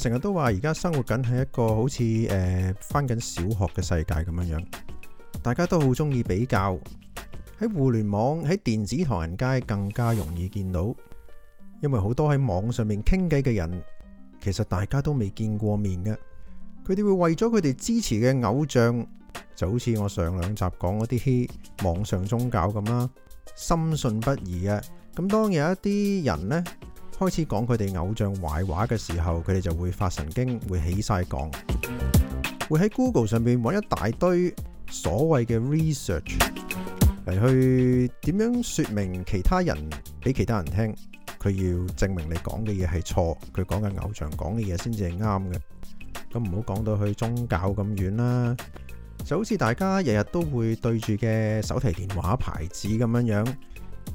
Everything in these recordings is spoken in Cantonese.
成日都話，而家生活緊係一個好似誒返緊小學嘅世界咁樣樣，大家都好鍾意比較。喺互聯網、喺電子唐人街更加容易見到，因為好多喺網上面傾偈嘅人，其實大家都未見過面嘅。佢哋會為咗佢哋支持嘅偶像，就好似我上兩集講嗰啲網上宗教咁啦，深信不疑嘅。咁當有一啲人呢，開始講佢哋偶像壞話嘅時候，佢哋就會發神經，會起曬槓，會喺 Google 上面揾一大堆所謂嘅 research 嚟去點樣說明其他人俾其他人聽，佢要證明你講嘅嘢係錯，佢講嘅偶像講嘅嘢先至係啱嘅。咁唔好講到去宗教咁遠啦，就好似大家日日都會對住嘅手提電話牌子咁樣樣，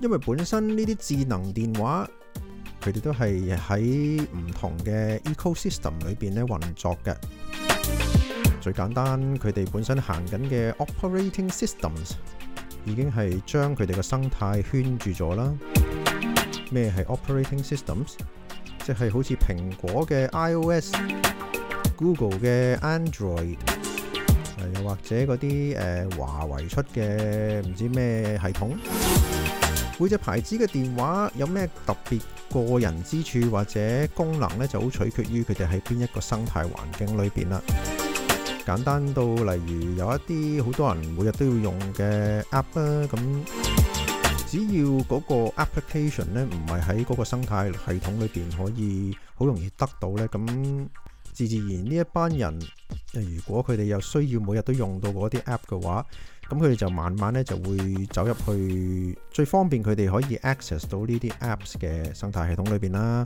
因為本身呢啲智能電話。佢哋都係喺唔同嘅 ecosystem 裏邊咧運作嘅。最簡單，佢哋本身行緊嘅 operating systems 已經係將佢哋嘅生態圈住咗啦。咩係 operating systems？即係好似蘋果嘅 iOS、Google 嘅 Android，又或者嗰啲誒華為出嘅唔知咩系統。每隻牌子嘅電話有咩特別個人之處或者功能呢？就好取決於佢哋喺邊一個生態環境裏邊啦。簡單到例如有一啲好多人每日都要用嘅 app 啦，咁只要嗰個 application 呢唔係喺嗰個生態系統裏邊可以好容易得到呢。咁自自然呢一班人，如果佢哋又需要每日都用到嗰啲 app 嘅話，咁佢哋就慢慢咧就會走入去最方便佢哋可以 access 到呢啲 apps 嘅生態系統裏邊啦。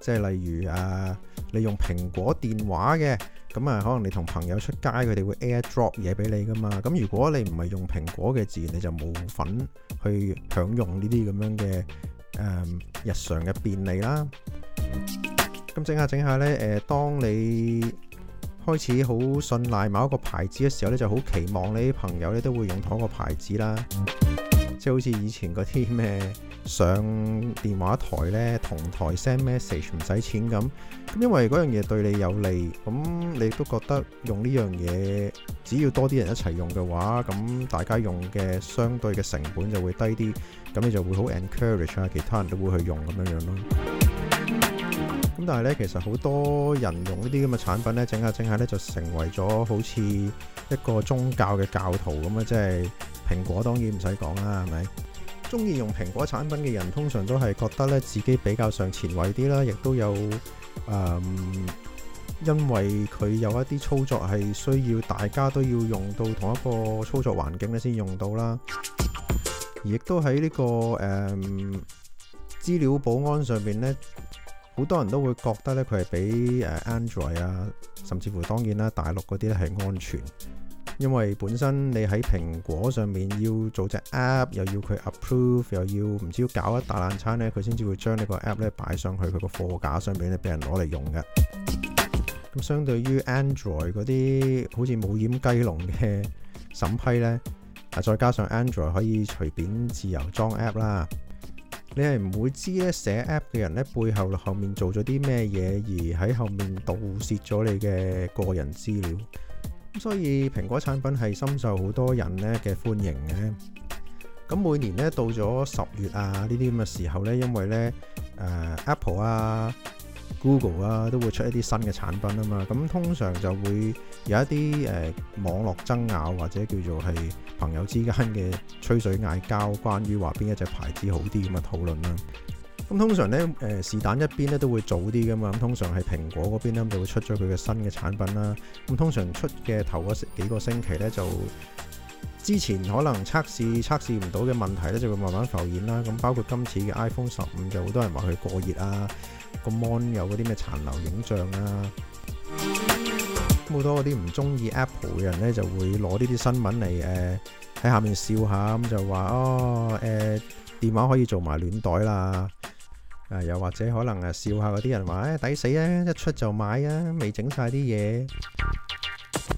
即係例如啊，你用蘋果電話嘅，咁啊可能你同朋友出街，佢哋會 AirDrop 嘢俾你噶嘛。咁如果你唔係用蘋果嘅自然，你就冇份去享用呢啲咁樣嘅誒日常嘅便利啦。咁整下整下咧，誒，當你開始好信賴某一個牌子嘅時候咧，就好期望你啲朋友咧都會用同一個牌子啦。即係好似以前嗰啲咩上電話台咧，同台 send message 唔使錢咁。咁因為嗰樣嘢對你有利，咁你都覺得用呢樣嘢，只要多啲人一齊用嘅話，咁大家用嘅相對嘅成本就會低啲，咁你就會好 encourage 啊，其他人都會去用咁樣樣咯。咁但係咧，其實好多人用呢啲咁嘅產品咧，整下整下咧，就成為咗好似一個宗教嘅教徒咁啊！即係蘋果當然唔使講啦，係咪？中意用蘋果產品嘅人，通常都係覺得咧自己比較上前衛啲啦，亦都有誒、嗯，因為佢有一啲操作係需要大家都要用到同一個操作環境咧，先用到啦。而亦都喺呢個誒資料保安上面呢。好多人都會覺得咧，佢係比誒 Android 啊，甚至乎當然啦，大陸嗰啲咧係安全，因為本身你喺蘋果上面要做隻 App，又要佢 approve，又要唔知要搞一大攬餐咧，佢先至會將呢個 App 咧擺上去佢個貨架上面咧，俾人攞嚟用嘅。咁相對於 Android 嗰啲好似冇掩雞籠嘅審批咧，啊，再加上 Android 可以隨便自由裝 App 啦。你係唔會知咧寫 app 嘅人咧背後後面做咗啲咩嘢，而喺後面盜竊咗你嘅個人資料。咁所以蘋果產品係深受好多人咧嘅歡迎嘅。咁每年咧到咗十月啊，呢啲咁嘅時候咧，因為咧啊、呃、Apple 啊。Google 啊，都會出一啲新嘅產品啊嘛。咁、嗯、通常就會有一啲誒、呃、網絡爭拗，或者叫做係朋友之間嘅吹水嗌交，關於話邊一隻牌子好啲咁嘅討論啦。咁、嗯、通常呢，誒是但一邊咧都會早啲噶嘛。咁通常係蘋果嗰邊咧就會出咗佢嘅新嘅產品啦、啊。咁、嗯、通常出嘅頭嗰幾個星期呢，就之前可能測試測試唔到嘅問題呢，就會慢慢浮現啦。咁包括今次嘅 iPhone 十五就好多人話佢過熱啊。個 mon 有嗰啲咩殘留影像啊，咁好多嗰啲唔中意 Apple 嘅人呢，就會攞呢啲新聞嚟誒喺下面笑下，咁就話哦誒電話可以做埋暖袋啦，誒又或者可能誒笑下嗰啲人話誒抵死啊，一出就買啊，未整晒啲嘢，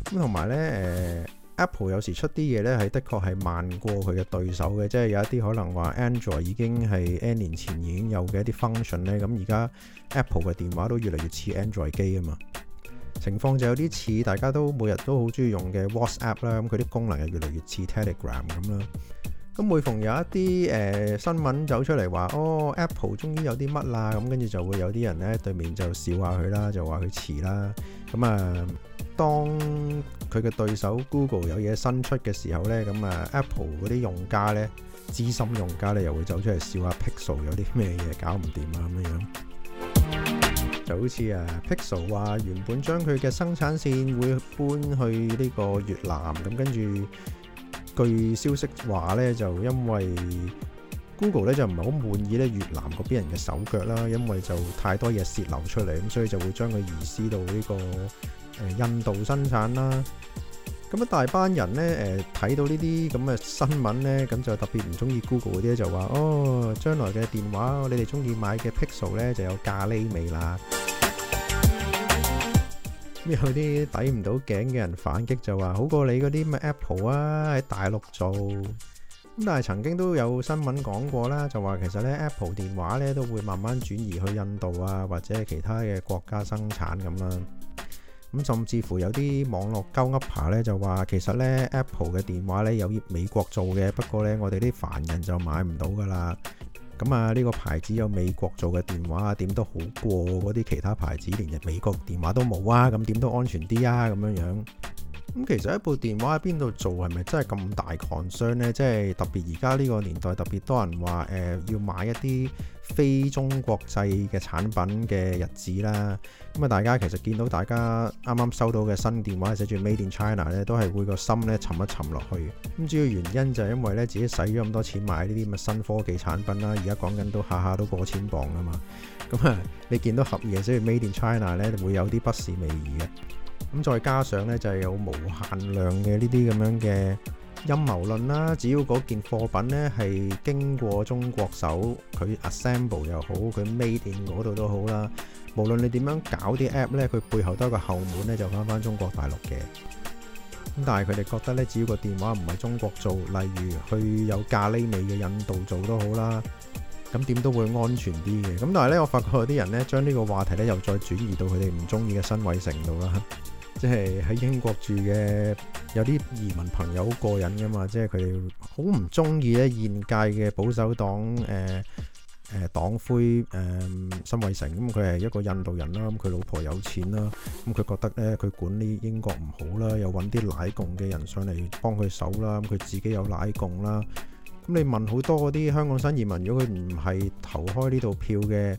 咁同埋呢誒。Apple 有時出啲嘢呢，係的確係慢過佢嘅對手嘅，即係有一啲可能話 Android 已經係 N 年前已經有嘅一啲 function 呢。咁而家 Apple 嘅電話都越嚟越似 Android 機啊嘛。情況就有啲似大家都每日都好中意用嘅 WhatsApp 啦，咁佢啲功能係越嚟越似 Telegram 咁啦。咁每逢有一啲誒、呃、新聞走出嚟話，哦 Apple 終於有啲乜啦，咁跟住就會有啲人呢對面就笑下佢啦，就話佢遲啦，咁啊。當佢嘅對手 Google 有嘢新出嘅時候咧，咁啊 Apple 嗰啲用家咧，資深用家咧，又會走出嚟笑啊 Pixel 有啲咩嘢搞唔掂啊咁樣，就好似啊 Pixel 話原本將佢嘅生產線會搬去呢個越南，咁跟住據消息話咧，就因為 Google 咧就唔係好滿意咧越南嗰邊人嘅手腳啦，因為就太多嘢洩漏出嚟，咁所以就會將佢移師到呢個。誒印度生產啦，咁一大班人咧誒睇到呢啲咁嘅新聞咧，咁就特別唔中意 Google 嗰啲就話哦，將來嘅電話你哋中意買嘅 Pixel 咧就有咖喱味啦。咁有啲抵唔到頸嘅人反擊就話好過你嗰啲咩 Apple 啊喺大陸做。咁但係曾經都有新聞講過啦，就話其實咧 Apple 電話咧都會慢慢轉移去印度啊，或者其他嘅國家生產咁啦。咁甚至乎有啲網絡交 up 呢，就話，其實咧 Apple 嘅電話咧有業美國做嘅，不過呢，我哋啲凡人就買唔到㗎啦。咁啊呢個牌子有美國做嘅電話啊，點都好過嗰啲其他牌子，連日美國電話都冇啊，咁點都安全啲啊咁樣樣。咁其實一部電話喺邊度做係咪真係咁大廠商呢？即係特別而家呢個年代特別多人話誒、呃、要買一啲。非中國製嘅產品嘅日子啦，咁啊大家其實見到大家啱啱收到嘅新電話寫住 Made in China 呢，都係會個心呢沉一沉落去。咁主要原因就係因為呢，自己使咗咁多錢買呢啲咁嘅新科技產品啦，而家講緊都下下都過千磅啊嘛。咁啊，你見到合意嘅寫住 Made in China 咧，會有啲不是味兒嘅。咁再加上呢，就係有無限量嘅呢啲咁樣嘅。陰謀論啦，只要嗰件貨品呢係經過中國手，佢 assemble 又好，佢 made in 嗰度都好啦。無論你點樣搞啲 app 呢，佢背後都有個後門呢，就翻返中國大陸嘅。咁但係佢哋覺得呢，只要個電話唔係中國做，例如去有咖喱味嘅印度做都好啦，咁點都會安全啲嘅。咁但係呢，我發覺有啲人呢，將呢個話題呢又再轉移到佢哋唔中意嘅新位程度啦。即係喺英國住嘅有啲移民朋友好過癮噶嘛，即係佢好唔中意咧，現屆嘅保守黨誒、誒黨魁，誒辛偉誠，咁佢係一個印度人啦，咁佢老婆有錢啦，咁佢覺得咧，佢管理英國唔好啦，又揾啲奶共嘅人上嚟幫佢手啦，咁佢自己有奶共啦，咁你問好多嗰啲香港新移民，如果佢唔係投開呢度票嘅？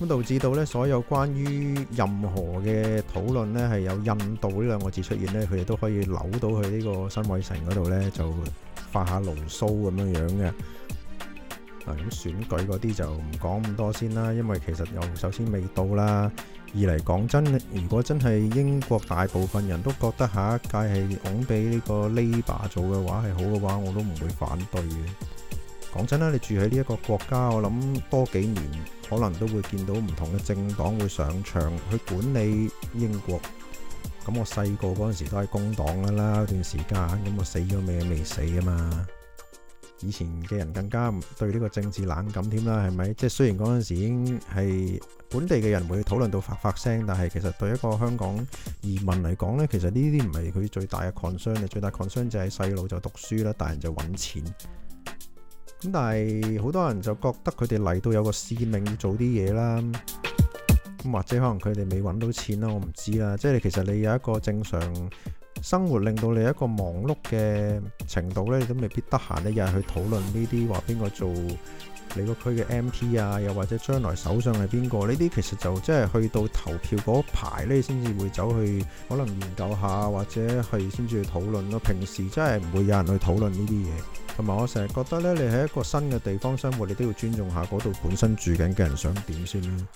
咁導致到咧，所有關於任何嘅討論咧，係有印度呢兩個字出現咧，佢哋都可以扭到去呢個新衛城嗰度咧，就發下牢騷咁樣樣嘅。嗱，咁選舉嗰啲就唔講咁多先啦，因為其實又首先未到啦。二嚟講真，如果真係英國大部分人都覺得下一屆係供畀呢個 Labour 做嘅話係好嘅話，我都唔會反對嘅。講真啦，你住喺呢一個國家，我諗多幾年可能都會見到唔同嘅政黨會上場去管理英國。咁我細個嗰陣時都係工黨噶啦，嗰段時間。咁我死咗未？未死啊嘛！以前嘅人更加對呢個政治冷感添啦，係咪？即係雖然嗰陣時已經係本地嘅人會討論到發發聲，但係其實對一個香港移民嚟講呢，其實呢啲唔係佢最大嘅 concern。最大 concern 就係細路就讀書啦，大人就揾錢。咁但係好多人就覺得佢哋嚟到有個使命要做啲嘢啦，咁或者可能佢哋未揾到錢啦，我唔知啦。即係其實你有一個正常生活令到你有一個忙碌嘅程度咧，你都未必得閒一日去討論呢啲話邊個做。你個區嘅 M P 啊，又或者將來首相係邊個？呢啲其實就即係去到投票嗰排咧，你先至會走去可能研究下，或者係先至去討論咯。平時真係唔會有人去討論呢啲嘢。同埋我成日覺得呢，你喺一個新嘅地方生活，你都要尊重下嗰度本身住緊嘅人想點先。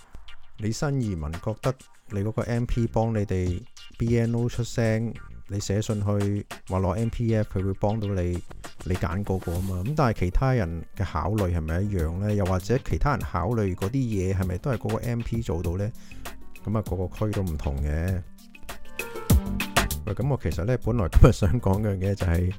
你新移民覺得你嗰個 M P 幫你哋 B N O 出聲？你寫信去話攞 M P F，佢會幫到你，你揀嗰個啊嘛。咁但係其他人嘅考慮係咪一樣呢？又或者其他人考慮嗰啲嘢係咪都係嗰個 M P 做到呢？咁啊，個個區都唔同嘅。喂，咁我其實呢，本來今日想講嘅嘢，就係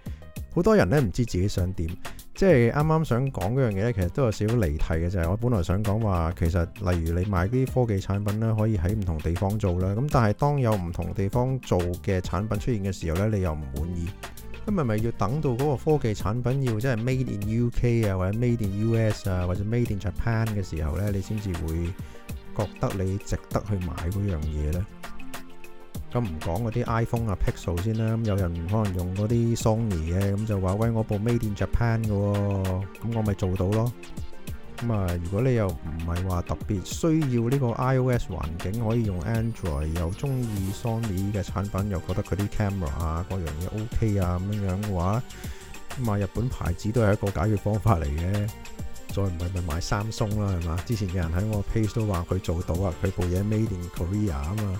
好多人呢，唔知自己想點。即係啱啱想講嗰樣嘢咧，其實都有少少離題嘅，就係、是、我本來想講話，其實例如你買啲科技產品咧，可以喺唔同地方做啦。咁但係當有唔同地方做嘅產品出現嘅時候呢，你又唔滿意，咁係咪要等到嗰個科技產品要即係 made in UK 啊，或者 made in US 啊，或者 made in Japan 嘅時候呢，你先至會覺得你值得去買嗰樣嘢呢？咁唔講嗰啲 iPhone 啊 Pixel 先啦，咁有人可能用嗰啲 Sony 嘅，咁就話：喂，我部 Made in Japan 嘅喎，咁我咪做到咯。咁啊，如果你又唔係話特別需要呢個 iOS 環境，可以用 Android，又中意 Sony 嘅產品，又覺得佢啲 camera 啊各樣嘢 OK 啊咁樣樣嘅話，買日本牌子都係一個解決方法嚟嘅。再唔係咪買三松啦？係嘛？之前有人喺我 page 都話佢做到啊，佢部嘢 Made in Korea 啊嘛。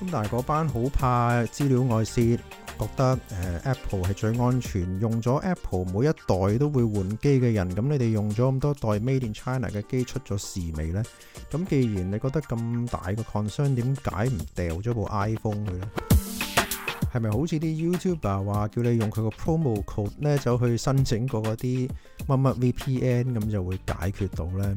咁但係嗰班好怕資料外泄，覺得、呃、Apple 係最安全，用咗 Apple 每一代都會換機嘅人，咁你哋用咗咁多代 Made in China 嘅機出咗事未呢？咁既然你覺得咁大個 concern，點解唔掉咗部 iPhone 佢呢？係咪好似啲 YouTuber 話叫你用佢個 promo code 呢，走去申請過嗰啲乜乜 VPN，咁就會解決到呢？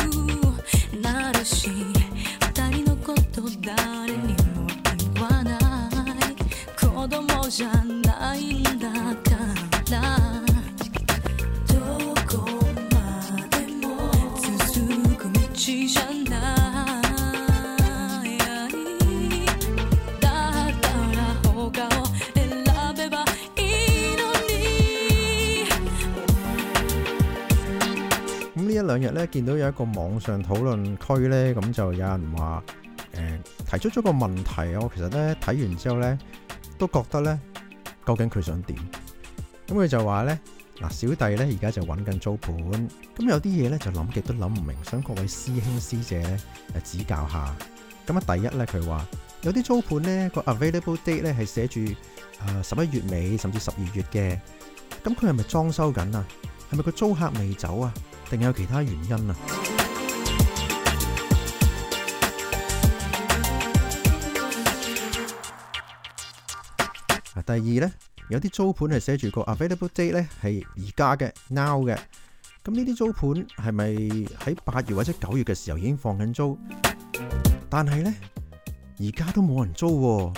咧見到有一個網上討論區呢，咁就有人話誒、呃、提出咗個問題，我其實呢睇完之後呢，都覺得呢，究竟佢想點？咁佢就話呢嗱，小弟呢，而家就揾緊租盤，咁有啲嘢呢，就諗極都諗唔明，想各位師兄師姐指教下。咁啊，第一呢，佢話有啲租盤呢，個 available date 呢，係寫住誒十一月尾甚至十二月嘅，咁佢係咪裝修緊啊？係咪個租客未走啊？定有其他原因啊！啊，第二呢，有啲租盤係寫住個 available date 呢，係而家嘅 now 嘅，咁呢啲租盤係咪喺八月或者九月嘅時候已經放緊租？但係呢，而家都冇人租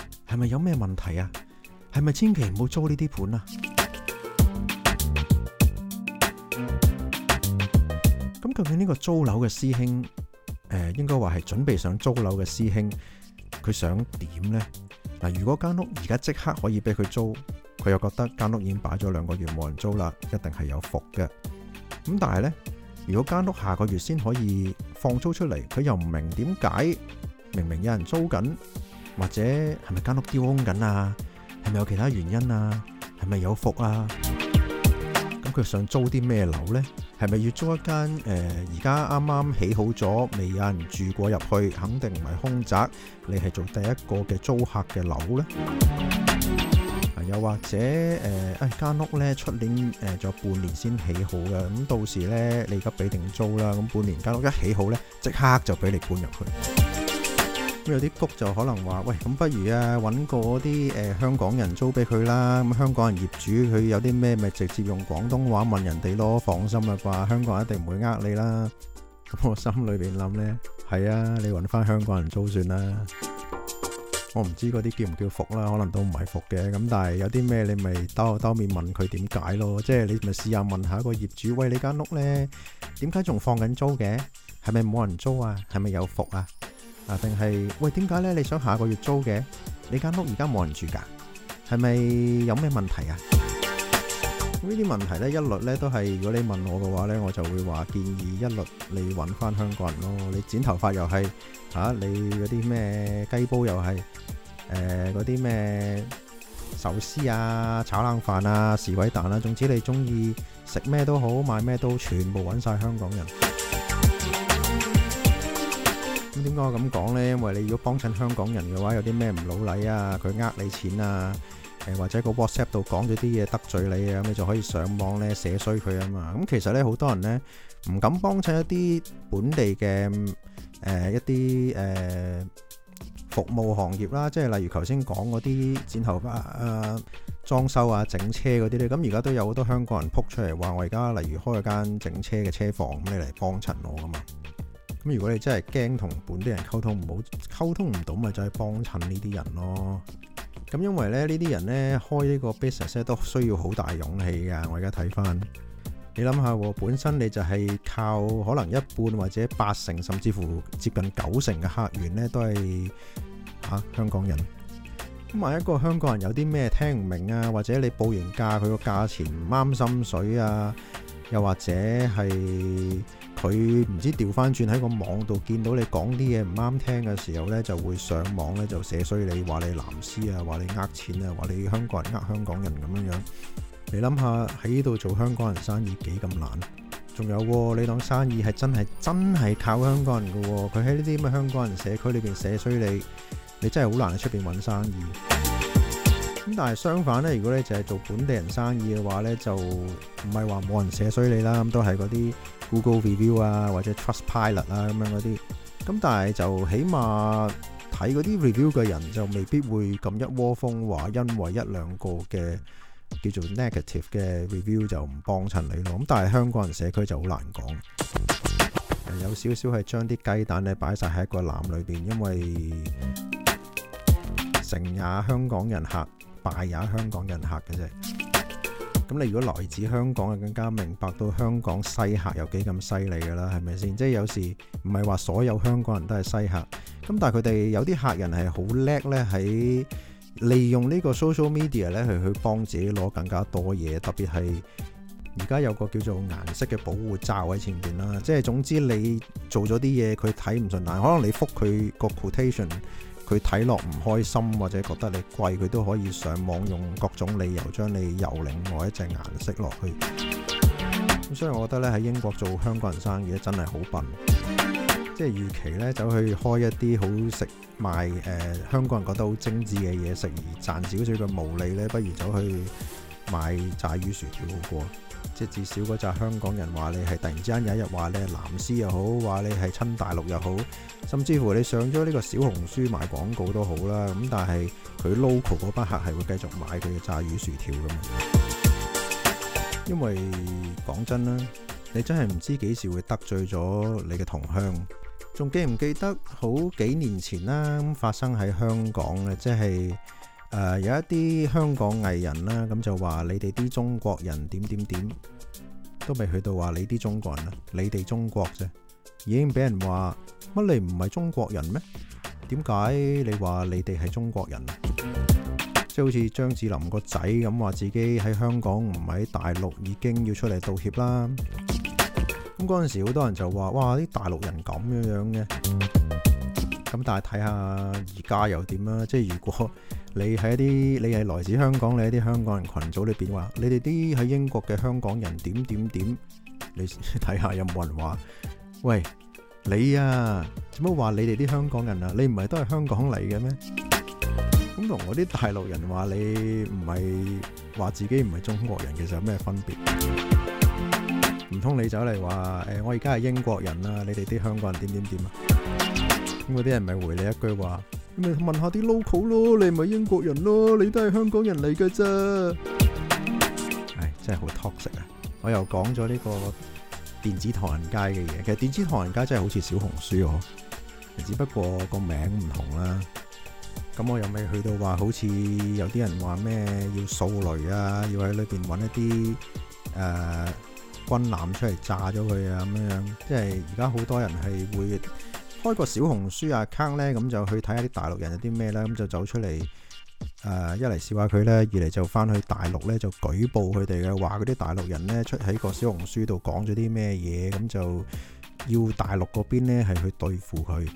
喎，係咪有咩問題啊？係咪千祈唔好租呢啲盤啊？究竟呢個租樓嘅師兄，誒、呃，應該話係準備上租樓嘅師兄，佢想點呢？嗱，如果間屋而家即刻可以俾佢租，佢又覺得間屋已經擺咗兩個月冇人租啦，一定係有福嘅。咁但係呢，如果間屋下個月先可以放租出嚟，佢又唔明點解，明明有人租緊，或者係咪間屋丟空緊啊？係咪有其他原因啊？係咪有福啊？咁佢想租啲咩樓呢？係咪要租一間誒？而家啱啱起好咗，未有人住過入去，肯定唔係空宅。你係做第一個嘅租客嘅樓呢、啊？又或者誒？誒、呃、間、哎、屋呢，出年誒仲、呃、有半年先起好嘅。咁到時呢，你而家俾定租啦。咁半年間屋一起好呢，即刻就俾你搬入去。咁有啲谷就可能話：喂，咁不如啊，揾個啲誒香港人租俾佢啦。咁香港人業主佢有啲咩咪直接用廣東話問人哋咯，放心啦啩，香港人一定唔會呃你啦。咁我心裏邊諗咧，係啊，你揾翻香港人租算啦。我唔知嗰啲叫唔叫伏啦，可能都唔係伏嘅。咁但係有啲咩你咪兜兜面問佢點解咯，即係你咪試下問下一個業主，喂，你間屋咧點解仲放緊租嘅？係咪冇人租啊？係咪有伏啊？啊，定係喂？點解咧？你想下個月租嘅？你間屋而家冇人住噶？係咪有咩問題啊？呢啲問題咧，一律咧都係如果你問我嘅話咧，我就會話建議一律你搵翻香港人咯。你剪頭髮又係啊？你嗰啲咩雞煲又係？誒，嗰啲咩壽司啊、炒冷飯啊、士偉蛋啦，總之你中意食咩都好，買咩都全部搵晒香港人。咁點解我咁講呢？因為你如果幫襯香港人嘅話，有啲咩唔老禮啊？佢呃你錢啊？誒、呃、或者個 WhatsApp 度講咗啲嘢得罪你啊？咁、嗯、你就可以上網呢，寫衰佢啊嘛！咁、嗯、其實呢，好多人呢唔敢幫襯一啲本地嘅誒、呃、一啲誒、呃、服務行業啦，即係例如頭先講嗰啲剪頭髮啊、裝修啊、整車嗰啲呢。咁而家都有好多香港人撲出嚟話：我而家例如開咗間整車嘅車房，咁你嚟幫襯我啊嘛！咁如果你真係驚同本地人溝通唔好，溝通唔到，咪就係幫襯呢啲人咯。咁因為咧，呢啲人呢，開呢個 business 都需要好大勇氣嘅。我而家睇翻，你諗下，本身你就係靠可能一半或者八成，甚至乎接近九成嘅客源呢，都係嚇、啊、香港人。咁萬一,一個香港人有啲咩聽唔明啊，或者你報完價佢個價錢唔啱心水啊，又或者係。佢唔知調翻轉喺個網度見到你講啲嘢唔啱聽嘅時候呢，就會上網呢，就寫衰你，話你藍絲啊，話你呃錢啊，話你香港人呃香港人咁樣樣。你諗下喺呢度做香港人生意幾咁難？仲有，哦，你當生意係真係真係靠香港人嘅喎，哦，佢喺呢啲咁嘅香港人社區裏邊寫衰你，你真係好難喺出邊揾生意。咁但係相反咧，如果你淨係做本地人生意嘅話咧，就唔係話冇人寫衰你啦，咁都係嗰啲 Google review 啊，或者 Trustpilot 啊咁樣嗰啲。咁但係就起碼睇嗰啲 review 嘅人就未必會咁一窩蜂話，因為一兩個嘅叫做 negative 嘅 review 就唔幫襯你咯。咁但係香港人社區就好難講，有少少係將啲雞蛋咧擺曬喺一個籃裏邊，因為成日香港人客。敗也香港人客嘅啫，咁你如果來自香港嘅，就更加明白到香港西客有幾咁犀利㗎喇，係咪先？即係有時唔係話所有香港人都係西客，咁但係佢哋有啲客人係好叻呢，喺利用呢個 social media 呢，去去幫自己攞更加多嘢，特別係而家有個叫做顏色嘅保護罩喺前邊啦。即係總之你做咗啲嘢，佢睇唔順眼，可能你覆佢個 quotation。佢睇落唔開心，或者覺得你貴，佢都可以上網用各種理由將你由另外一隻顏色落去。咁所以，我覺得咧喺英國做香港人生意真係好笨。即係預期呢，走去開一啲好食賣誒、呃、香港人覺得好精緻嘅嘢食而賺少少嘅毛利呢，不如走去。買炸魚薯條好過，即係至少嗰紮香港人話你係突然之間有一日話你係藍絲又好，話你係親大陸又好，甚至乎你上咗呢個小紅書賣廣告都好啦。咁但係佢 local 嗰班客係會繼續買佢嘅炸魚薯條噶嘛。因為講真啦，你真係唔知幾時會得罪咗你嘅同鄉。仲記唔記得好幾年前啦、啊，咁發生喺香港嘅，即係。誒、呃、有一啲香港藝人啦，咁就話你哋啲中國人點點點都未去到話你啲中國人啊，你哋中國啫，已經俾人話乜你唔係中國人咩？點解你話你哋係中國人啊？即係好似張智霖個仔咁話自己喺香港唔喺大陸已經要出嚟道歉啦。咁嗰陣時好多人就話哇啲大陸人咁樣樣嘅，咁、嗯、但係睇下而家又點啦？即係如果。你喺一啲，你係來自香港，你喺啲香港人群組裏邊話，你哋啲喺英國嘅香港人點點點，你睇下有冇人話，喂，你啊，做乜話你哋啲香港人啊？你唔係都係香港嚟嘅咩？咁同我啲大陸人話你唔係話自己唔係中國人其實有咩分別？唔通你走嚟話，誒、欸，我而家係英國人啦、啊，你哋啲香港人點點點啊？咁嗰啲人咪回你一句話。咪問下啲 local 咯，你咪英國人咯，你都係香港人嚟嘅啫。唉、哎，真係好 toxic 啊！我又講咗呢個電子唐人街嘅嘢，其實電子唐人街真係好似小紅書哦、啊，只不過個名唔同啦。咁我又未去到話，好似有啲人話咩要掃雷啊，要喺裏邊揾一啲誒、呃、軍艦出嚟炸咗佢啊咁樣。即係而家好多人係會，開個小紅書 account 呢，o 咁就去睇下啲大陸人有啲咩啦，咁就走出嚟，誒、呃，一嚟笑一下佢呢，二嚟就翻去大陸呢，就舉報佢哋嘅，話嗰啲大陸人呢，出喺個小紅書度講咗啲咩嘢，咁就要大陸嗰邊呢，係去對付佢。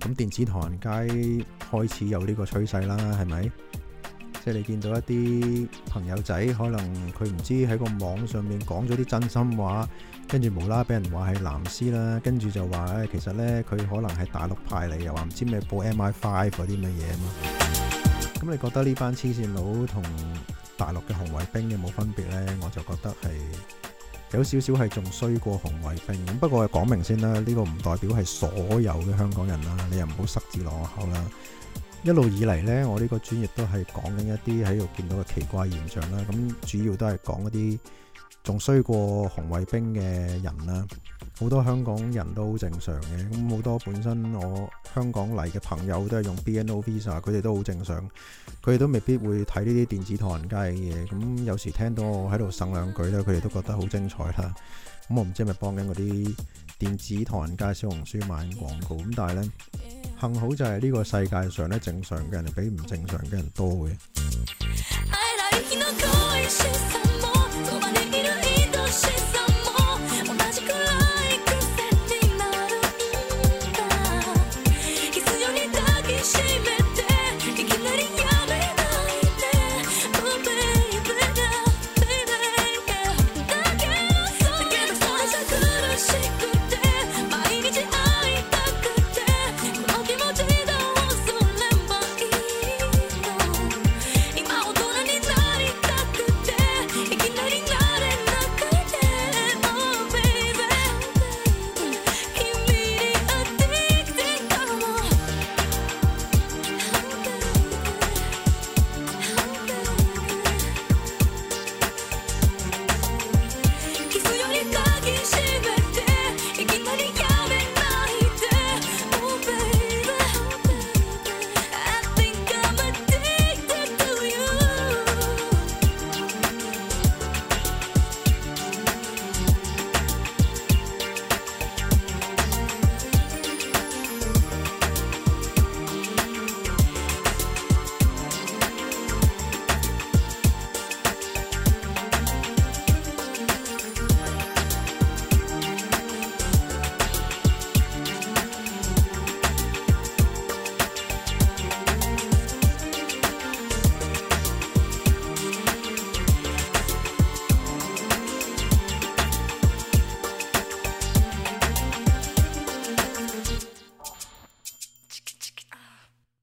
咁電子唐人街開始有呢個趨勢啦，係咪？即係你見到一啲朋友仔，可能佢唔知喺個網上面講咗啲真心話，跟住無啦，俾人話係藍絲啦，跟住就話咧，其實呢，佢可能係大陸派嚟，又話唔知咩報 MI5 嗰啲咩嘢嘛。咁 你覺得呢班黐線佬同大陸嘅紅衛兵有冇分別呢？我就覺得係有少少係仲衰過紅衛兵。咁不過講明先啦，呢、這個唔代表係所有嘅香港人啦，你又唔好塞字落口啦。一路以嚟呢，我呢個專業都係講緊一啲喺度見到嘅奇怪現象啦。咁主要都係講嗰啲仲衰過紅衛兵嘅人啦。好多香港人都好正常嘅。咁好多本身我香港嚟嘅朋友都係用 BNO Visa，佢哋都好正常。佢哋都未必會睇呢啲電子唐人街嘅嘢。咁有時聽到我喺度呻兩句咧，佢哋都覺得好精彩啦。咁我唔知係咪幫緊嗰啲電子唐人街小紅書買廣告。咁但係呢。幸好就係呢個世界上咧，正常嘅人比唔正常嘅人多嘅。